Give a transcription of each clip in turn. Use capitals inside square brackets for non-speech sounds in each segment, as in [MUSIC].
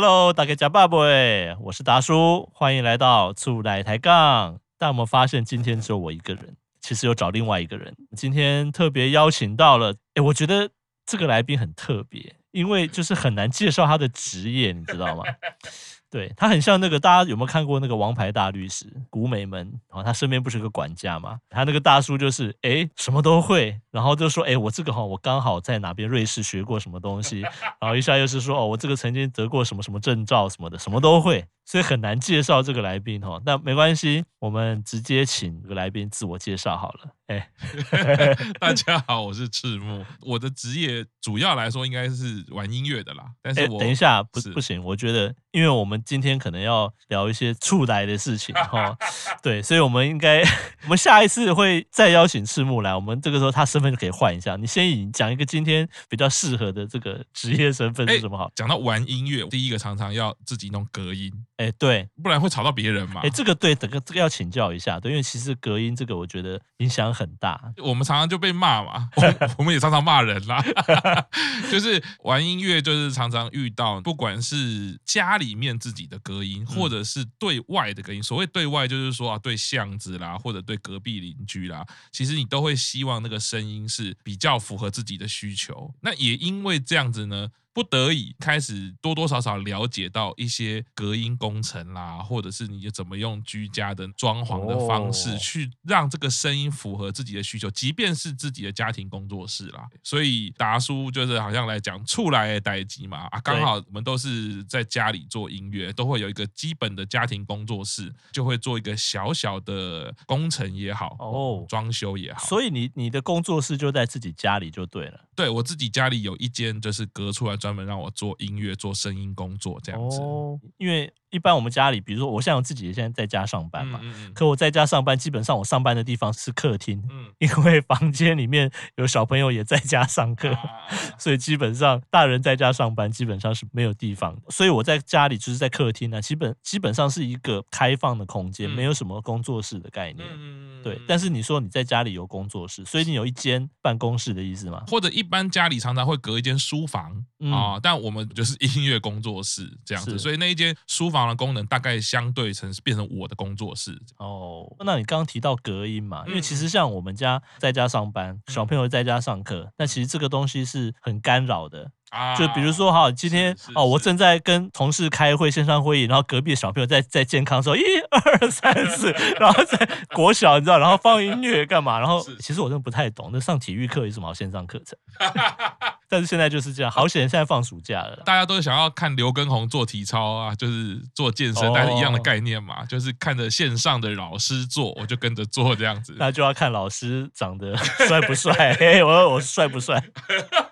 Hello，大家好，我是達叔，歡迎來到厝內開槓。但我們發現今天只有我一個人，其實有找另外一個人，今天特別邀請到了。誒，我覺得這個來賓很特別，因為就是很難介紹他的職業，你知道嗎？ [LAUGHS] 對，他很像那個，大家有沒有看過那個《王牌大律師》？古美門，然、哦、後他身邊不是有個管家嘛？他那個大叔就是，哎，什麼都會，然後就說，哎，我這個哈、哦，我剛好在哪邊瑞士學過什麼東西，然後一下又是說，哦，我這個曾經得過什麼什麼證照什麼的，什麼都會。所以很難介紹這個來賓哈，那沒關係，我們直接請個來賓自我介紹好了。欸、 [LAUGHS] 大家好，我是赤木， [LAUGHS] 我的職業主要來說應該是玩音樂的啦。哎、欸，等一下不是不行，我覺得，因為我們今天可能要聊一些出來的事情哈， [LAUGHS] 對，所以我們應該，我們下一次會再邀請赤木來，我們這個時候他身份就可以換一下，你先講一個今天比較適合的這個職業身份是什麼？好、欸，講到玩音樂，第一個常常要自己弄隔音。哎、欸，對，不然會吵到別人嘛。哎、欸，這個對，這個這個要請教一下，對，因為其實隔音這個，我覺得影響很大。我們常常就被罵嘛，我們， [LAUGHS] 我們也常常罵人啦。 [LAUGHS] 就是玩音樂，就是常常遇到，不管是家裡面自己的隔音，嗯，或者是對外的隔音。所謂對外，就是說啊，對巷子啦，或者對隔壁鄰居啦，其實你都會希望那個聲音是比較符合自己的需求。那也因為這樣子呢，不得已開始多多少少了解到一些隔音工程啦，或者是你就怎麼用居家的裝潢的方式去讓這個聲音符合自己的需求，即便是自己的家庭工作室啦。所以達叔就是好像來講，出來待機嘛，啊，剛好我們都是在家裡做音樂，都會有一個基本的家庭工作室，就會做一個小小的工程也好，哦，裝修也好。所以你你的工作室就在自己家裡就對了。對，我自己家裡有一間就是隔出來裝。專門讓我做音樂、做聲音工作這樣子，因為。一般我們家裡，比如說我像我自己現在在家上班嘛，可我在家上班，基本上我上班的地方是客廳，因為房間裡面有小朋友也在家上課，所以基本上大人在家上班基本上是沒有地方，所以我在家裡就是在客廳啊，基本基本上是一個開放的空間，沒有什麼工作室的概念，對。但是你說你在家裡有工作室，所以你有一間辦公室的意思嗎？或者一般家裡常常會隔一間書房啊，但我們就是音樂工作室這樣子，所以那一間書房。功能大概相對成是變成我的工作室哦、oh,。那你剛剛提到隔音嘛？因為其實像我們家在家上班，嗯、小朋友在家上課，那其實這個東西是很干擾的、啊、就比如說，哈，今天哦，我正在跟同事開會線上會議，然後隔壁的小朋友在在健康的時候一二三四，1, 2, 3, 4, [LAUGHS] 然後在國小你知道，然後放音樂幹嘛？然後其實我真的不太懂，那上體育課有什麼好線上課程？ [LAUGHS] 但是現在就是這樣，好險現在放暑假了，啊，大家都想要看劉畊宏做體操啊，就是做健身，哦，但是一樣的概念嘛，就是看着線上的老師做，我就跟着做這樣子。那就要看老師長得帥不帥、 [LAUGHS] 欸，我說我帥不帥？ [LAUGHS]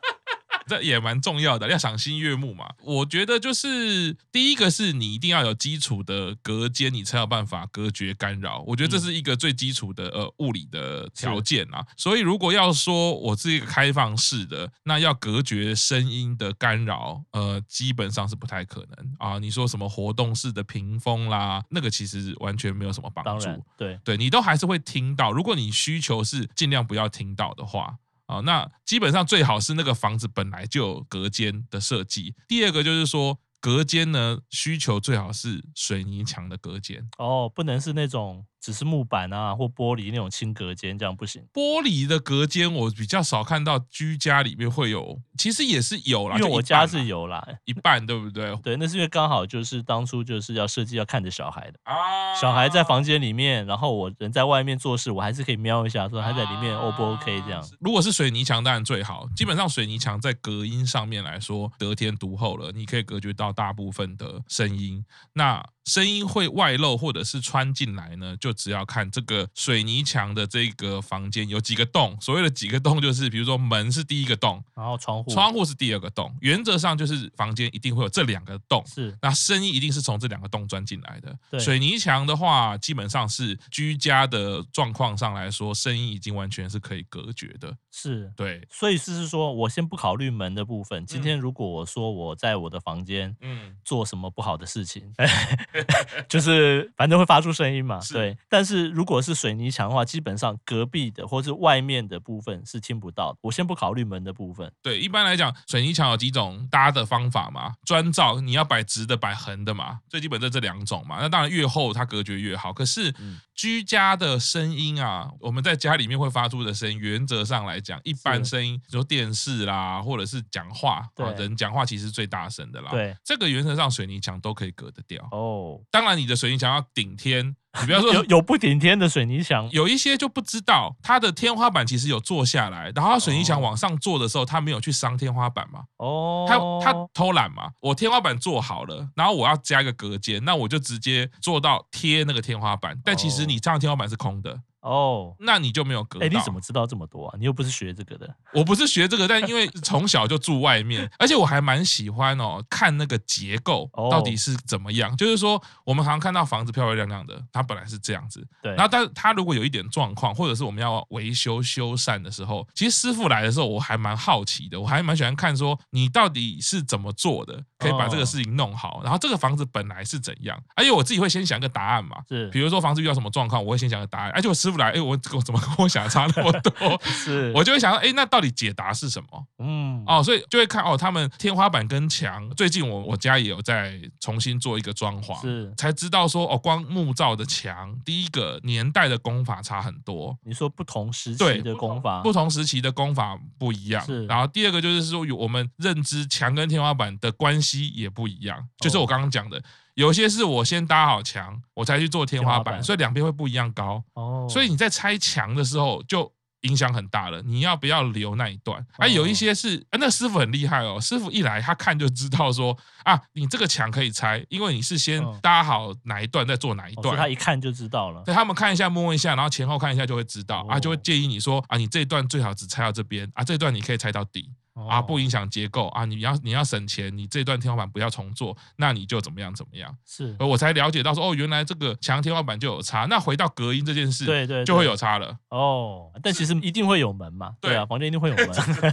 這也蠻重要的，要賞心悅目嘛。我覺得就是第一個是，你一定要有基礎的隔間，你才有辦法隔絕干擾。我覺得這是一個最基礎的，嗯，呃物理的條件啦。啊，所以如果要說我是一個開放式的，那要隔絕聲音的干擾，呃，基本上是不太可能啊。你說什麼活動式的屏風啦，那個其實完全沒有什麼幫助。當然，對。對，你都還是會聽到，如果你需求是盡量不要聽到的話。啊、哦，那基本上最好是那個房子本來就有隔間的設計。第二個就是說，隔間呢，需求最好是水泥牆的隔間哦，不能是那種。只是木板啊，或玻璃那種輕隔間，這樣不行。玻璃的隔間我比較少看到，居家裡面會有，其實也是有啦，啦因為我家是有啦，一半 [LAUGHS] 對不對？對，那是因為剛好就是當初就是要設計要看着小孩的啊，小孩在房間裡面，然後我人在外面做事，我還是可以瞄一下說他在裡面 O、啊哦、不 OK 這樣。如果是水泥牆，當然最好。基本上水泥牆在隔音上面來說得天獨厚了，你可以隔絕到大部分的聲音。那。聲音會外漏或者是穿進來呢？就只要看這個水泥牆的這個房間有幾個洞。所謂的幾個洞，就是比如說門是第一個洞，然後窗戶，窗戶是第二個洞。原則上就是房間一定會有這兩個洞。是。那聲音一定是從這兩個洞鑽進來的。對。水泥牆的話，基本上是居家的狀況上來說，聲音已經完全是可以隔絕的。是對。所以是是說，我先不考慮門的部分。今天如果我說我在我的房間，嗯，做什麼不好的事情。嗯 [LAUGHS] [LAUGHS] 就是反正會發出聲音嘛，對。但是如果是水泥牆的話，基本上隔壁的或是外面的部分是聽不到。我先不考慮門的部分。對，一般來講，水泥牆有幾種搭的方法嘛？磚造，你要擺直的，擺橫的嘛？最基本的這兩種嘛。那當然越厚它隔絕越好，可是，嗯。居家的聲音啊，我們在家裡面會發出的聲音，原則上來講，一般聲音，比如說電視啦，或者是講話，對啊，人講話其實是最大聲的啦，對，這個原則上水泥牆都可以隔得掉哦。Oh. 當然，你的水泥牆要頂天。你不要說有有不頂天的水泥牆，有一些就不知道他的天花板其實有做下來，然後水泥牆往上做的時候，他沒有去傷天花板嘛。哦，他他偷懶嘛？我天花板做好了，然後我要加一個隔間，那我就直接做到貼那個天花板，但其實你這樣天花板是空的。哦。哦、oh.，那你就沒有隔？哎、欸，你怎麼知道這麼多啊？你又不是學這個的。 [LAUGHS] 我不是學這個，但因為從小就住外面，而且我還蠻喜歡哦，看那個結構到底是怎麼樣。Oh. 就是說，我們常常看到房子漂漂亮亮的，它本來是這樣子。對。然後，但是它如果有一點狀況，或者是我們要維修修繕的時候，其實師傅來的時候，我還蠻好奇的，我還蠻喜歡看說你到底是怎麼做的，可以把這個事情弄好。Oh. 然後，這個房子本來是怎樣？而且我自己會先想一個答案嘛。是。比如說房子遇到什麼狀況，我會先想一個答案。而且我師傅出來，哎，我我怎麼跟我想的差那麼多 [LAUGHS] 是？是我就會想到，哎、欸，那到底解答是什麼？嗯，哦，所以就會看哦，他們天花板跟牆，最近我我家也有在重新做一個裝潢，是才知道說哦，光木造的牆，第一個年代的工法差很多。你說不同時期的工法，不同時期的工法不一樣。是，然後第二個就是說，我們認知牆跟天花板的關係也不一樣，就是我剛剛講的。哦有些是我先搭好牆，我才去做天花，天花板，所以兩邊會不一樣高。哦，所以你在拆牆的時候就影響很大了。你要不要留那一段？啊，有一些是、哦啊，那師傅很厲害哦。師傅一來，他看就知道說啊，你這個牆可以拆，因為你是先搭好哪一段、哦、再做哪一段。哦、他一看就知道了。所以他們看一下摸一下，然後前後看一下就會知道、哦、啊，就會建議你說啊，你這一段最好只拆到這邊啊，這一段你可以拆到底。啊，不影響結構啊！你要你要省錢，你這段天花板不要重做，那你就怎麼樣怎麼樣？是，而我才了解到說，哦，原來這個牆天花板就有差。那回到隔音這件事，對，對對，就會有差了。哦，但其實一定會有門嘛。對啊，房間一定會有門，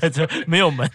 [LAUGHS] [LAUGHS] 沒有門，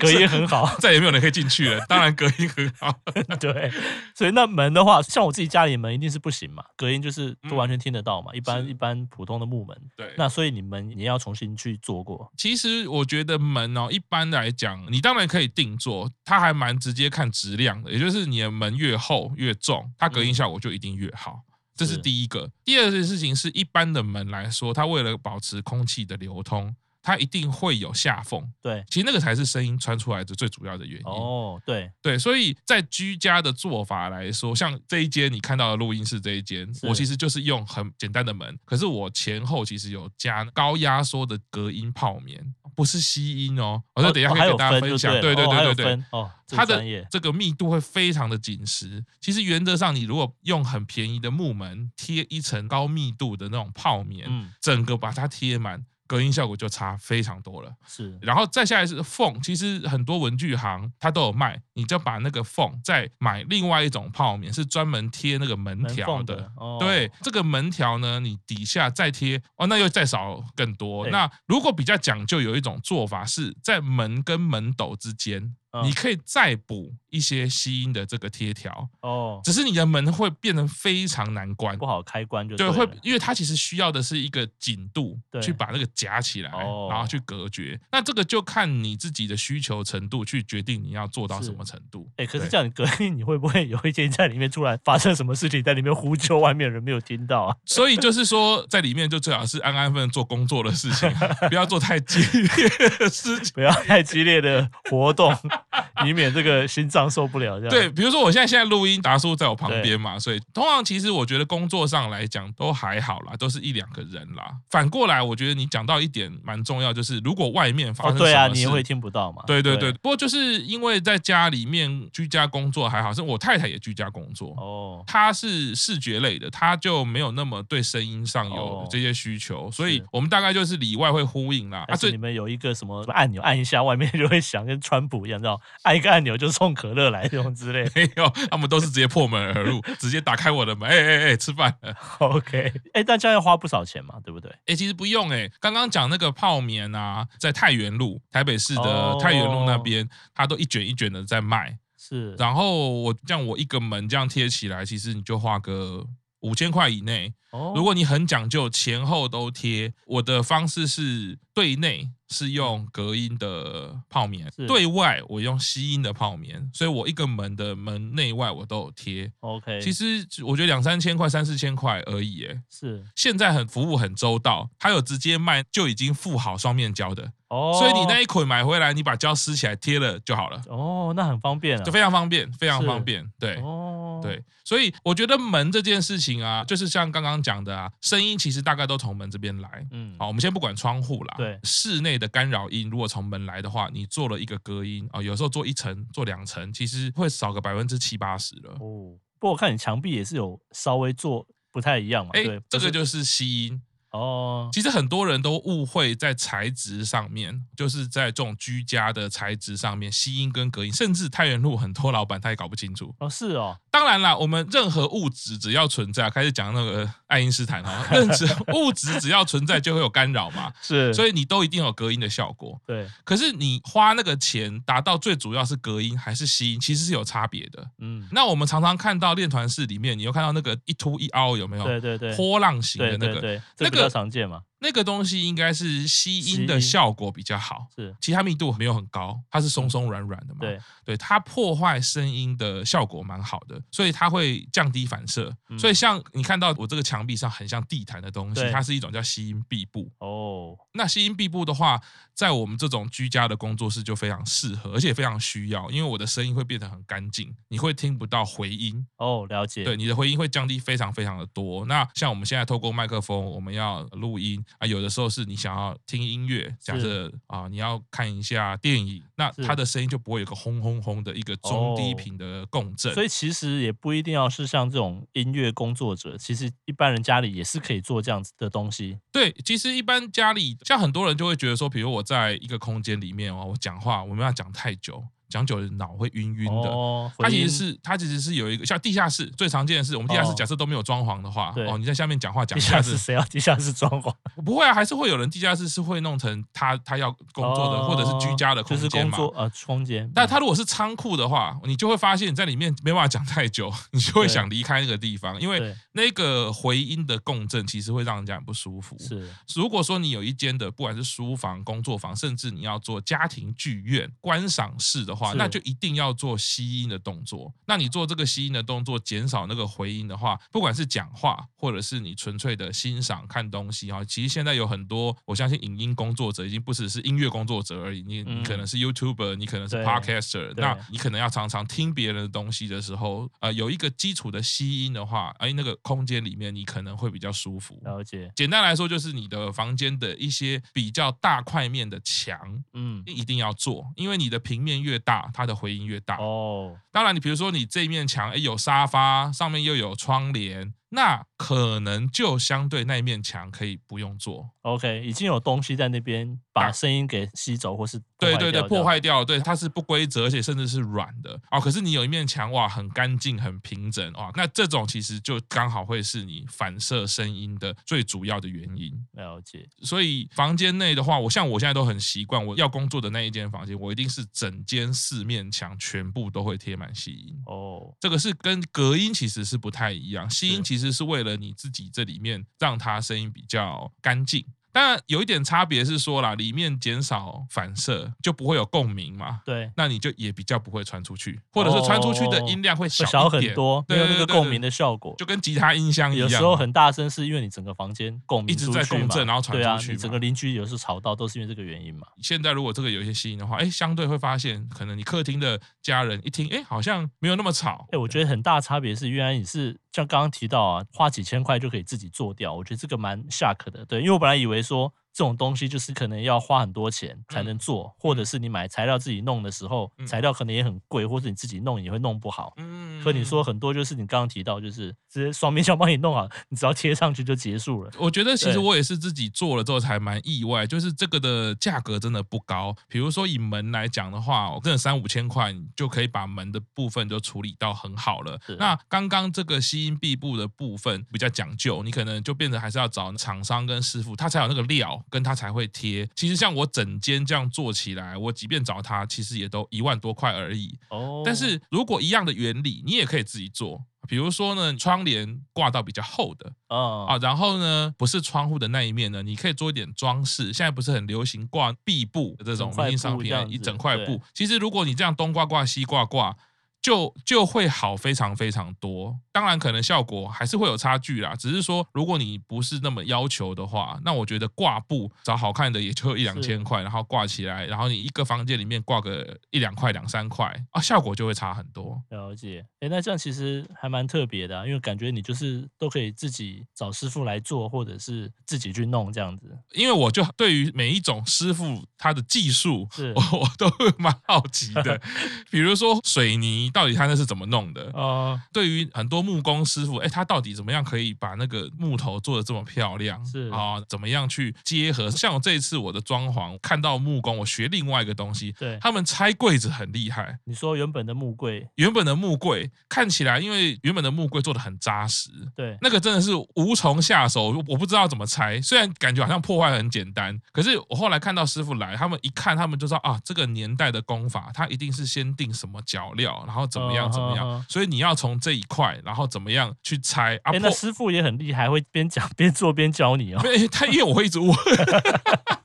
隔音很好，再也沒有人可以進去了。 [LAUGHS] 當然隔音很好。 [LAUGHS] 對，所以那門的話，像我自己家裡門一定是不行嘛，隔音就是都完全聽得到嘛。嗯、一般一般普通的木門。對，那所以你們也要重新去做過。其實我覺得門哦、喔，一般。來講，你當然可以定做，它還蠻直接看質量的，也就是你的門越厚越重，它隔音效果就一定越好，嗯。這是第一個。第二件事情是，一般的門來說，它為了保持空氣的流通。它一定會有下縫，對，其實那個才是聲音穿出來的最主要的原因。哦，對對，所以在居家的做法來說，像這一間你看到的錄音室這一間，我其實就是用很簡單的門，可是我前後其實有加高壓縮的隔音泡棉，不是吸音哦，我、哦哦、等一下可以跟，哦哦、大家分享對、哦。對對對對對、哦哦，它的這個密度會非常的緊實。其實原則上，你如果用很便宜的木門貼一層高密度的那種泡棉，嗯、整個把它貼滿。隔音效果就差非常多了，是。然後再下來是縫，其實很多文具行它都有賣，你就把那個縫再買另外一種泡棉，是專門貼那個門條的，門縫的，哦。對，這個門條呢，你底下再貼，哦，那又再少更多。那如果比較講究，有一種做法是在門跟門斗之間。你可以再補一些吸音的這個貼條哦，只是你的門會變得非常難關，不好開關就對，會因為它其實需要的是一個緊度，去把那個夾起來，然後去隔絕。那這個就看你自己的需求程度去決定你要做到什麼程度。哎，可是這樣隔離，你會不會有一天在裡面突然發生什麼事情，在裡面呼救，外面人沒有聽到啊？所以就是說，在裡面就最好是安安分分做工作的事情，不要做太激烈的事情，不要太激烈的活動。 [LAUGHS] 以免這個心臟受不了。這樣對，比如說我現在現在錄音，達叔在我旁邊嘛，所以通常其實我覺得工作上來講都還好啦，都是一兩個人啦。反過來，我覺得你講到一點蠻重要，就是如果外面發生、哦、對啊，你也會聽不到嘛？對對對，對。不過就是因為在家裡面居家工作還好，是我太太也居家工作哦，她是視覺類的，她就沒有那麼對聲音上有這些需求、哦，所以我們大概就是裡外會呼應啦。啊，是你們有一個什麼按鈕，按一下外面就會響，跟川普一樣，知道。按一個按鈕就送可樂來這種之類的沒有，哎他們都是直接破門而入， [LAUGHS] 直接打開我的門，哎哎哎，吃飯了。OK，哎、欸，那這樣花不少錢嘛，對不對？欸、其實不用哎、欸，剛剛講那個泡面啊，在太原路，台北市的太原路那邊，它、oh. 都一卷一卷的在賣。是，然後我像我一個門這樣貼起來，其實你就花個五千塊以內。Oh. 如果你很講究，前後都貼，我的方式是。對內是用隔音的泡棉，對外我用吸音的泡棉，所以我一個門的門內外我都有貼。OK，其實我覺得兩三千塊、三四千塊而已耶、嗯。是。現在很服務很周到，他有直接賣就已經附好雙面膠的，哦、所以你那一捆買回來，你把膠撕起來貼了就好了。哦，那很方便、啊、就非常方便，非常方便。對、哦，對，所以我覺得門這件事情啊，就是像剛剛講的啊，聲音其實大概都從門這邊來。嗯，好，我們先不管窗戶啦。對室內的干擾音，如果從門來的話，你做了一個隔音啊、哦，有時候做一層、做兩層，其實會少個百分之七八十了。哦，不過我看你牆壁也是有稍微做不太一樣嘛。欸、對，這個就是吸音。哦，其實很多人都誤會，在材質上面，就是在這種居家的材質上面，吸音跟隔音，甚至太原路很多老闆他也搞不清楚。哦，是哦，當然啦，我們任何物質只要存在，開始講那個愛因斯坦啊， [LAUGHS] 任何物質只要存在就會有干擾嘛，是，所以你都一定有隔音的效果。對，可是你花那個錢達到最主要是隔音還是吸音，其實是有差別的。嗯，那我們常常看到練團室裡面，你又看到那個一凸一凹有沒有？對對對，波浪形的那個，對對對那個。對對對那個較常見嗎？那個東西應該是吸音的效果比較好，是，其他密度沒有很高，它是鬆鬆軟軟的嘛對，對，它破壞聲音的效果蠻好的，所以它會降低反射，嗯，所以像你看到我這個牆壁上很像地毯的東西，它是一種叫吸音壁布。哦，那吸音壁布的話，在我們這種居家的工作室就非常適合，而且非常需要，因為我的聲音會變得很乾淨，你會聽不到回音。哦，了解，對，你的回音會降低非常非常的多。那像我們現在透過麥克風，我們要錄音。啊，有的時候是你想要聽音樂，假設啊，你要看一下電影，那它的聲音就不會有個轟轟轟的一個中低頻的共振，oh, 所以其實也不一定要是像這種音樂工作者，其實一般人家裡也是可以做這樣子的東西。對，其實一般家裡像很多人就會覺得說，比如我在一個空間裡面哦，我講話我沒有要講太久。講久了腦會暈暈的，它其實是它其實是有一個像地下室最常見的是我們地下室假設都沒有裝潢的話，哦，你在下面講話講地下室誰要地下室裝潢？不會啊，還是會有人地下室是會弄成他他要工作的或者是居家的空間嘛？呃，空間。但他如果是倉庫的話，你就會發現，你在裡面沒辦法講太久，你就會想離開那個地方，因為那個回音的共振其實會讓人家很不舒服。是，如果說你有一間的不管是書房、工作房，甚至你要做家庭劇院、觀賞室的話，那就一定要做吸音的動作。那你做這個吸音的動作，減少那個回音的話，不管是講話，或者是你純粹的欣賞看東西啊，其實現在有很多，我相信影音工作者已經不只是音樂工作者而已。你、嗯、你可能是 YouTuber，你可能是 Podcaster，那你可能要常常聽別人的東西的時候，呃，有一個基礎的吸音的話，哎、呃，那個空間裡面你可能會比較舒服。了解。簡單來說，就是你的房間的一些比較大塊面的牆，嗯，一定要做，因為你的平面越。大，它的回音越大。哦，當然，你比如說，你這一面牆，哎、欸，有沙發，上面又有窗簾，那。可能就相對那一面牆可以不用做，OK，已經有東西在那邊把聲音給吸走，啊、或是對對對，對破壞掉了，對，它是不規則，而且甚至是軟的啊、哦。可是你有一面牆哇，很乾淨，很平整哦，那這種其實就剛好會是你反射聲音的最主要的原因。了解。所以房間內的話，我像我現在都很習慣，我要工作的那一間房間，我一定是整間四面牆全部都會貼滿吸音。哦，這個是跟隔音其實是不太一樣，吸音其實是為了、嗯。你自己這裡面讓他聲音比較乾淨。但有一點差別是說啦，裡面減少反射就不會有共鳴嘛。對，那你就也比較不會傳出去，或者是傳出去的音量會小，哦哦哦哦哦會小很多，對有那個共鳴的效果，就跟吉他音箱一樣。有時候很大聲是因為你整個房間共鳴一直在共振，然後傳出去。對啊、你整個鄰居有時候吵到都是因為這個原因嘛。現在如果這個有一些吸音的話，哎、欸，相對會發現可能你客廳的家人一聽，哎、欸，好像沒有那麼吵。哎，我覺得很大差別是原來你是像剛剛提到啊，花幾千塊就可以自己做掉，我覺得這個蠻 shock 的。對，因為我本來以為。說。這種東西就是可能要花很多錢才能做，嗯、或者是你買材料自己弄的時候，嗯、材料可能也很貴，或者你自己弄也會弄不好。嗯，和你說很多就是你剛剛提到，就是直接雙面膠幫你弄好，你只要貼上去就結束了。我覺得其實我也是自己做了之後才蠻意外，就是這個的價格真的不高。比如說以門來講的話，真的三五千塊就可以把門的部分就處理到很好了。是。那剛剛這個吸音壁布的部分比較講究，你可能就變成還是要找廠商跟師傅，他才有那個料。跟他才會貼。其實像我整間這樣做起來，我即便找他，其實也都一萬多塊而已。哦。但是如果一樣的原理，你也可以自己做。比如說呢，窗簾掛到比較厚的。哦。啊，然後呢，不是窗戶的那一面呢，你可以做一點裝飾。現在不是很流行掛壁布這種硬商品，一整塊布。其實如果你這樣東掛掛西掛掛。就就會好非常非常多，當然可能效果還是會有差距啦。只是說，如果你不是那麼要求的話，那我覺得掛布找好看的也就一兩千塊，然後掛起來，然後你一個房間裡面掛個一兩塊、兩三塊啊，效果就會差很多。了解，哎，那這樣其實還蠻特別的啊，因為感覺你就是都可以自己找師傅來做，或者是自己去弄這樣子。因為我就對於每一種師傅他的技術，是我都會蠻好奇的， [LAUGHS] 比如說水泥。到底他那是怎麼弄的啊？Uh, 對於很多木工師傅，哎，他到底怎麼樣可以把那個木頭做的這麼漂亮？是啊、哦，怎麼樣去結合？像我這一次我的裝潢，看到木工，我學另外一個東西。對，他們拆櫃子很厲害。你說原本的木櫃，原本的木櫃看起來，因為原本的木櫃做的很紮實，對，那個真的是無從下手，我不知道怎麼拆。雖然感覺好像破壞很簡單，可是我後來看到師傅來，他們一看，他們就知道，啊，這個年代的工法，他一定是先定什麼腳料，然後。怎麼樣？怎麼樣？所以你要從這一塊，然後怎麼樣去拆，啊？欸、那師傅也很厲害，會邊講邊做邊教你哦、欸。沒他，因為我會一直問。 [LAUGHS]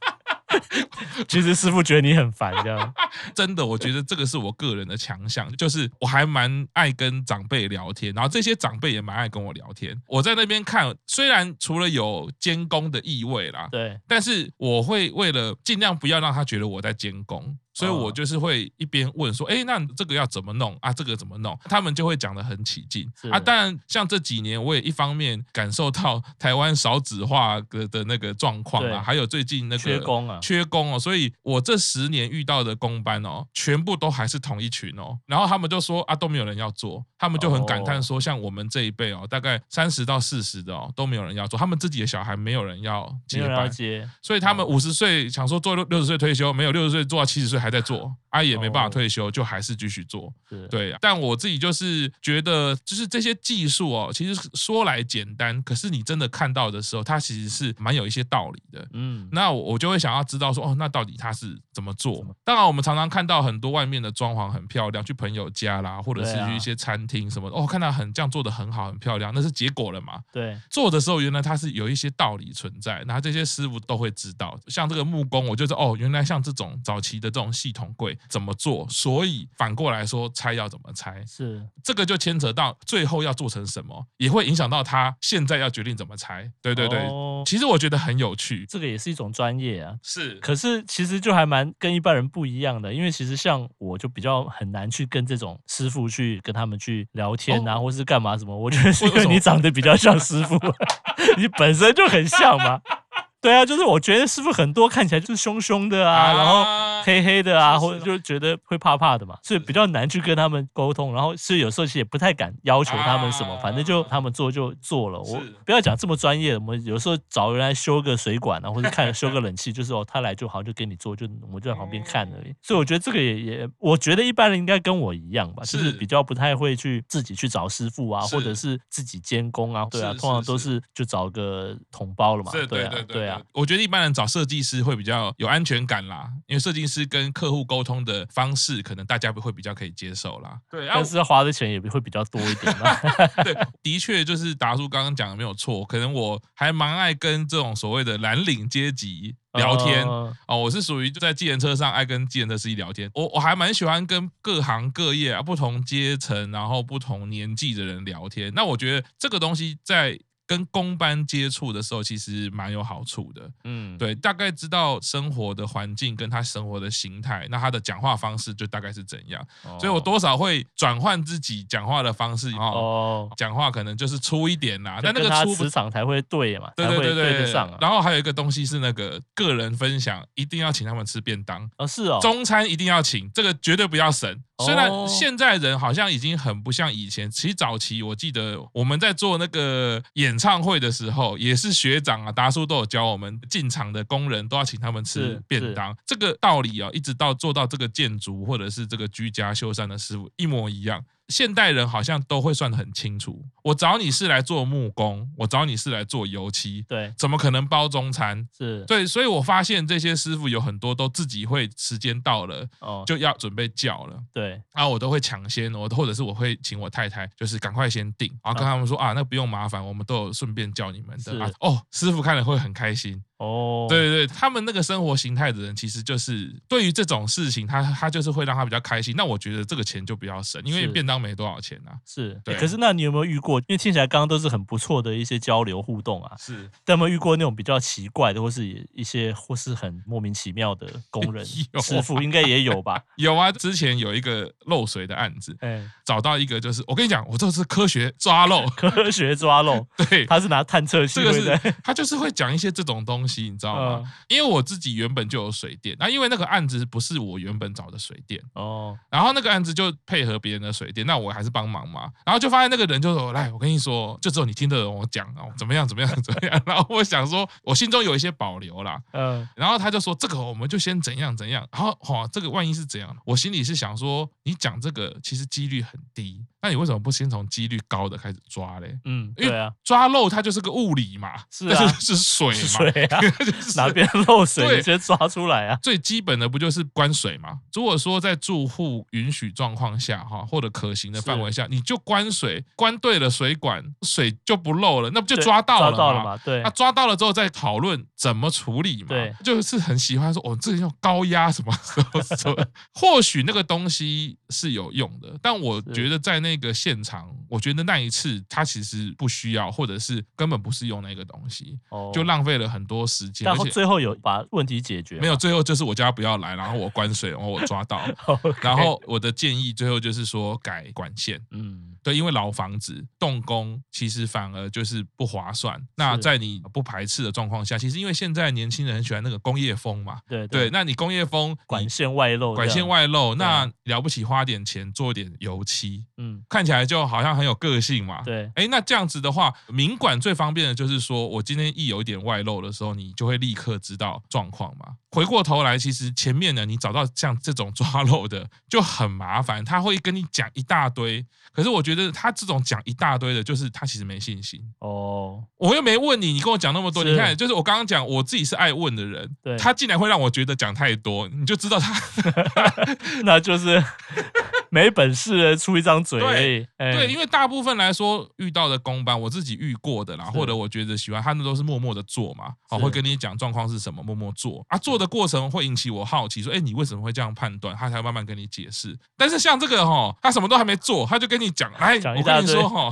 其實師傅覺得你很煩，這樣真的？我覺得這個是我個人的強項，就是我還蠻愛跟長輩聊天，然後這些長輩也蠻愛跟我聊天。我在那邊看，雖然除了有監工的意味啦，對，但是我會為了儘量不要讓他覺得我在監工。所以，我就是會一邊問說：“哎、哦，那這個要怎麼弄啊？這個怎麼弄？”他們就會講得很起勁啊。當然，像這幾年，我也一方面感受到台灣少子化的的那個狀況啊，還有最近那個缺工啊，缺工哦。所以，我這十年遇到的工班哦，全部都還是同一群哦。然後他們就說啊，都沒有人要做，他們就很感嘆說，哦、像我們這一輩哦，大概三十到四十的哦，都沒有人要做，他們自己的小孩沒有人要接班，接所以他們五十歲想說做六十歲退休，沒有六十歲做到七十歲還還在做，啊，也沒辦法退休，oh, oh. 就還是繼續做。對，對啊，但我自己就是覺得，就是這些技術哦，其實說來簡單，可是你真的看到的時候，它其實是蠻有一些道理的。嗯，那我就會想要知道說，哦，那到底他是怎麼做？什麼？當然，我們常常看到很多外面的裝潢很漂亮，去朋友家啦，或者是去一些餐廳什麼的，啊，哦，看到很這樣做的很好，很漂亮，那是結果了嘛？對，做的時候原來它是有一些道理存在，然後這些師傅都會知道。像這個木工，我就是哦，原來像這種早期的這種。系統櫃怎麼做？所以反過來說拆要怎麼拆？是這個就牽扯到最後要做成什麼，也會影響到他現在要決定怎麼拆。對對對、哦，其實我覺得很有趣，這個也是一種專業啊。是，可是其實就還蠻跟一般人不一樣的，因為其實像我就比較很難去跟這種師傅去跟他們去聊天啊，哦、或是幹嘛什麼。我覺得是因為你長得比較像師傅， [LAUGHS] [LAUGHS] 你本身就很像嘛。對啊，就是我覺得師傅很多看起來就是凶凶的啊，然後黑黑的啊，或者就覺得會怕怕的嘛，所以比較難去跟他們溝通，然後所以有時候其實也不太敢要求他們什麼，反正就他們做就做了。我不要講這麼專業，我們有時候找人來修個水管啊，或者看修個冷氣，就是哦，他來就好就給你做，就我就在旁邊看而已。所以我覺得這個也也，我覺得一般人應該跟我一樣吧，就是比較不太會去自己去找師傅啊，或者是自己監工啊，對啊，通常都是就找個統包了嘛，對啊，對啊。啊我覺得一般人找設計師會比較有安全感啦，因為設計師跟客戶溝通的方式，可能大家會比較可以接受啦。對、啊，但是花的錢也會比較多一點啦。 [LAUGHS] 對，的確就是達叔剛剛講的沒有錯，可能我還蠻愛跟這種所謂的藍領階級聊天哦，我是屬於在計程車上愛跟計程車司機聊天，我我還蠻喜歡跟各行各業、啊、不同階層、然後不同年紀的人聊天。那我覺得這個東西在。跟工班接觸的時候，其實蠻有好處的。嗯，對，大概知道生活的環境跟他生活的形態，那他的講話方式就大概是怎樣。哦、所以我多少會轉換自己講話的方式，哦，講話可能就是粗一點啦、啊。但那個粗磁場才會對嘛？對，對對對對。然後還有一個東西是那個個人分享，一定要請他們吃便當。哦，是哦。中餐一定要請，這個絕對不要省。雖然現在人好像已經很不像以前，其實早期我記得我們在做那個演唱會的時候，也是學長啊，達叔都有教我們，進場的工人都要請他們吃便當，這個道理啊，一直到做到這個建築或者是這個居家修繕的師傅，一模一樣。現代人好像都會算得很清楚。我找你是來做木工，我找你是來做油漆，對，怎麼可能包中餐？是對，所以我發現這些師傅有很多都自己會，時間到了哦就要準備叫了。對，啊，我都會搶先，我或者是我會請我太太，就是趕快先訂，然後跟他們說、okay. 啊，那不用麻煩，我們都有順便叫你們的、啊。哦，師傅看了會很開心。哦、oh.，對對對，他們那個生活形態的人，其實就是對於這種事情，他他就是會讓他比較開心。那我覺得這個錢就比較省，因為便當沒多少錢啊。是，對、欸。可是那你有沒有遇過？因為聽起來剛剛都是很不錯的一些交流互動啊。是，但有沒有遇過那種比較奇怪的，或是一些或是很莫名其妙的工人、 [LAUGHS] 啊、師傅？應該也有吧。 [LAUGHS] 有啊，之前有一個漏水的案子，欸、找到一個就是我跟你講，我這是科學抓漏， [LAUGHS] 科學抓漏。 [LAUGHS] 對，他是拿探測器。這個是他就是會講一些這種東西。你知道嗎？Uh, 因為我自己原本就有水電，那因為那個案子不是我原本找的水電哦，uh, 然後那個案子就配合別人的水電，那我還是幫忙嘛。然後就發現那個人就說：“來，我跟你說，就只有你聽得懂我講哦，怎麼樣，怎麼樣，怎麼樣。 [LAUGHS] ”然後我想說，我心中有一些保留啦，uh, 然後他就說：“這個我們就先怎樣怎樣。”然後哈、哦，這個萬一是怎樣？我心裡是想說，你講這個其實幾率很低，那你為什麼不先從幾率高的開始抓嘞？嗯，對啊，因為抓漏它就是個物理嘛，是啊，是，就是水嘛。 [LAUGHS] 就是、哪邊漏水先抓出來啊？最基本的不就是關水嗎？如果說在住戶允許狀況下哈，或者可行的範圍下，你就關水，關對了水管，水就不漏了，那不就抓到了嗎？對，他抓，抓到了之後再討論怎麼處理嘛。對，就是很喜歡說哦，這要高壓什,什,什麼什麼， [LAUGHS] 或許那個東西是有用的，但我覺得在那個現場，我覺得那一次他其實不需要，或者是根本不是用那個東西，哦、oh.，就浪費了很多。時間，然後最後有把問題解決？沒有，最後就是我叫他不要來，然後我關水，然後我抓到， [LAUGHS] okay. 然後我的建議最後就是說改管線。嗯。對，因為老房子動工，其實反而就是不划算。那在你不排斥的狀況下，其實因為現在年輕人很喜歡那個工業風嘛。對對，對那你工業風管線，管線外露，管線外露，那了不起花點錢做點油漆，嗯，看起來就好像很有個性嘛。對，哎，那這樣子的話，明管最方便的就是說我今天一有一點外露的時候，你就會立刻知道狀況嘛。回過頭來，其實前面呢，你找到像這種抓漏的就很麻煩，他會跟你講一大堆。可是我覺得。就是他這種講一大堆的，就是他其實沒信心哦、oh.。我又沒問你，你跟我講那麼多。你看，就是我剛剛講我自己是愛問的人，對他竟然會讓我覺得講太多，你就知道他 [LAUGHS] [LAUGHS] [LAUGHS] 那就是沒本事的出一張嘴。對、欸。對，因為大部分來說遇到的公班，我自己遇過的啦，或者我覺得喜歡他們都是默默的做嘛，好、哦、會跟你講狀況是什麼，默默做啊，做的過程會引起我好奇說，說哎、欸，你為什麼會這樣判斷？他才慢慢跟你解釋。但是像這個哈，他什麼都還沒做，他就跟你講。哎，hey, 我跟你說哈，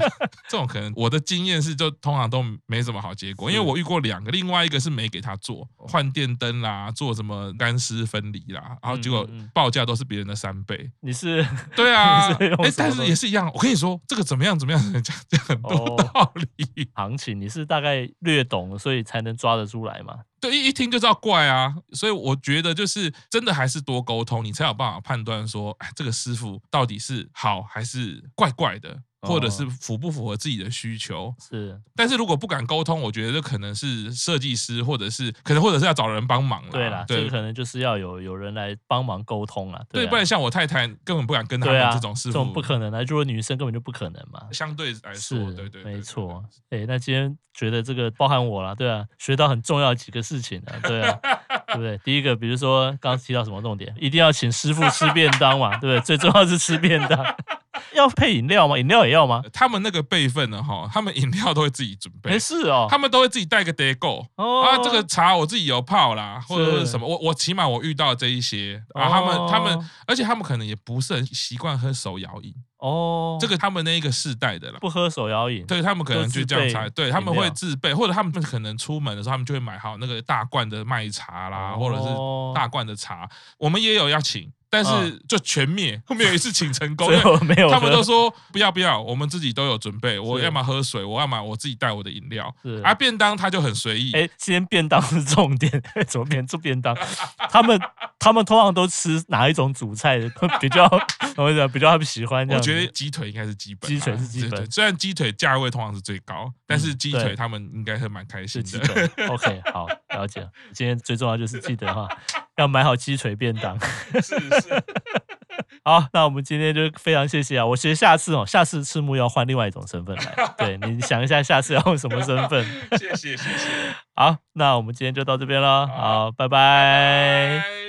這種可能我的經驗是，就通常都沒什麼好結果，因為我遇過兩個，另外一個是沒給他做換電燈啦，做什麼乾濕分離啦，然後結果報價都是別人的三倍。你是對啊是、欸，但是也是一樣，我跟你說這個怎麼樣怎麼樣，講很多道理、oh, 行情，你是大概略懂，所以才能抓得出來嘛。一一聽就知道怪啊，所以我覺得就是真的還是多溝通，你才有辦法判斷說，哎，這個師傅到底是好還是怪怪的。或者是符不符合自己的需求是，但是如果不敢溝通，我覺得這可能是設計師，或者是可能或者是要找人幫忙了。對了，對，這個可能就是要有有人來幫忙溝通了、啊。對，不然像我太太根本不敢跟他們這種師傅、啊、這種不可能的。如果女生根本就不可能嘛，相對來說，對對，對，對，對對，沒錯。哎、欸，那今天覺得這個包含我了，對啊，學到很重要幾個事情啊，對啊， [LAUGHS] 對不對？第一個，比如說剛，剛提到什麼重點，一定要請師傅吃便當嘛，對不對？最重要是吃便當。 [LAUGHS] 要配飲料嗎？飲料也要嗎？他們那個備份的哈，他們飲料都會自己準備，沒、欸、事哦。他們都會自己帶個 Day Go 啊、哦，這個茶我自己有泡啦，或者是什麼，我我起碼我遇到這一些啊。然後他們、哦、他們，而且他們可能也不是很習慣喝手搖飲哦。這個他們那一個世代的啦，不喝手搖飲。對他們可能就這樣才，對他們會自備，或者他們可能出門的時候，他們就會買好那個大罐的麥茶啦、哦，或者是大罐的茶。我們也有要請。但是就全滅，後面有一次請成功， [LAUGHS] 沒有，他們都說不要不要，我們自己都有準備，我要嘛喝水，我要嘛我自己帶我的飲料，是啊，便當他就很隨意，哎，今天便當是重點， [LAUGHS] 怎麼變做便當？他們他們通常都吃哪一種主菜的比較？我講比較他們喜歡，我覺得雞腿應該是基本，雞腿是基本，雖然雞腿價位通常是最高，但是雞腿他們應該是蠻開心的、嗯。 [LAUGHS] OK，好，了解。今天最重要就是雞腿哈。要買好雞錘便當，是是， [LAUGHS] 是是笑好，那我們今天就非常謝謝啊！我其實下次哦，下次赤木要換另外一種身份來， [LAUGHS] 對，你想一下，下次要用什麼身份？謝謝謝謝，好，那我們今天就到這邊了，好，拜拜。拜拜。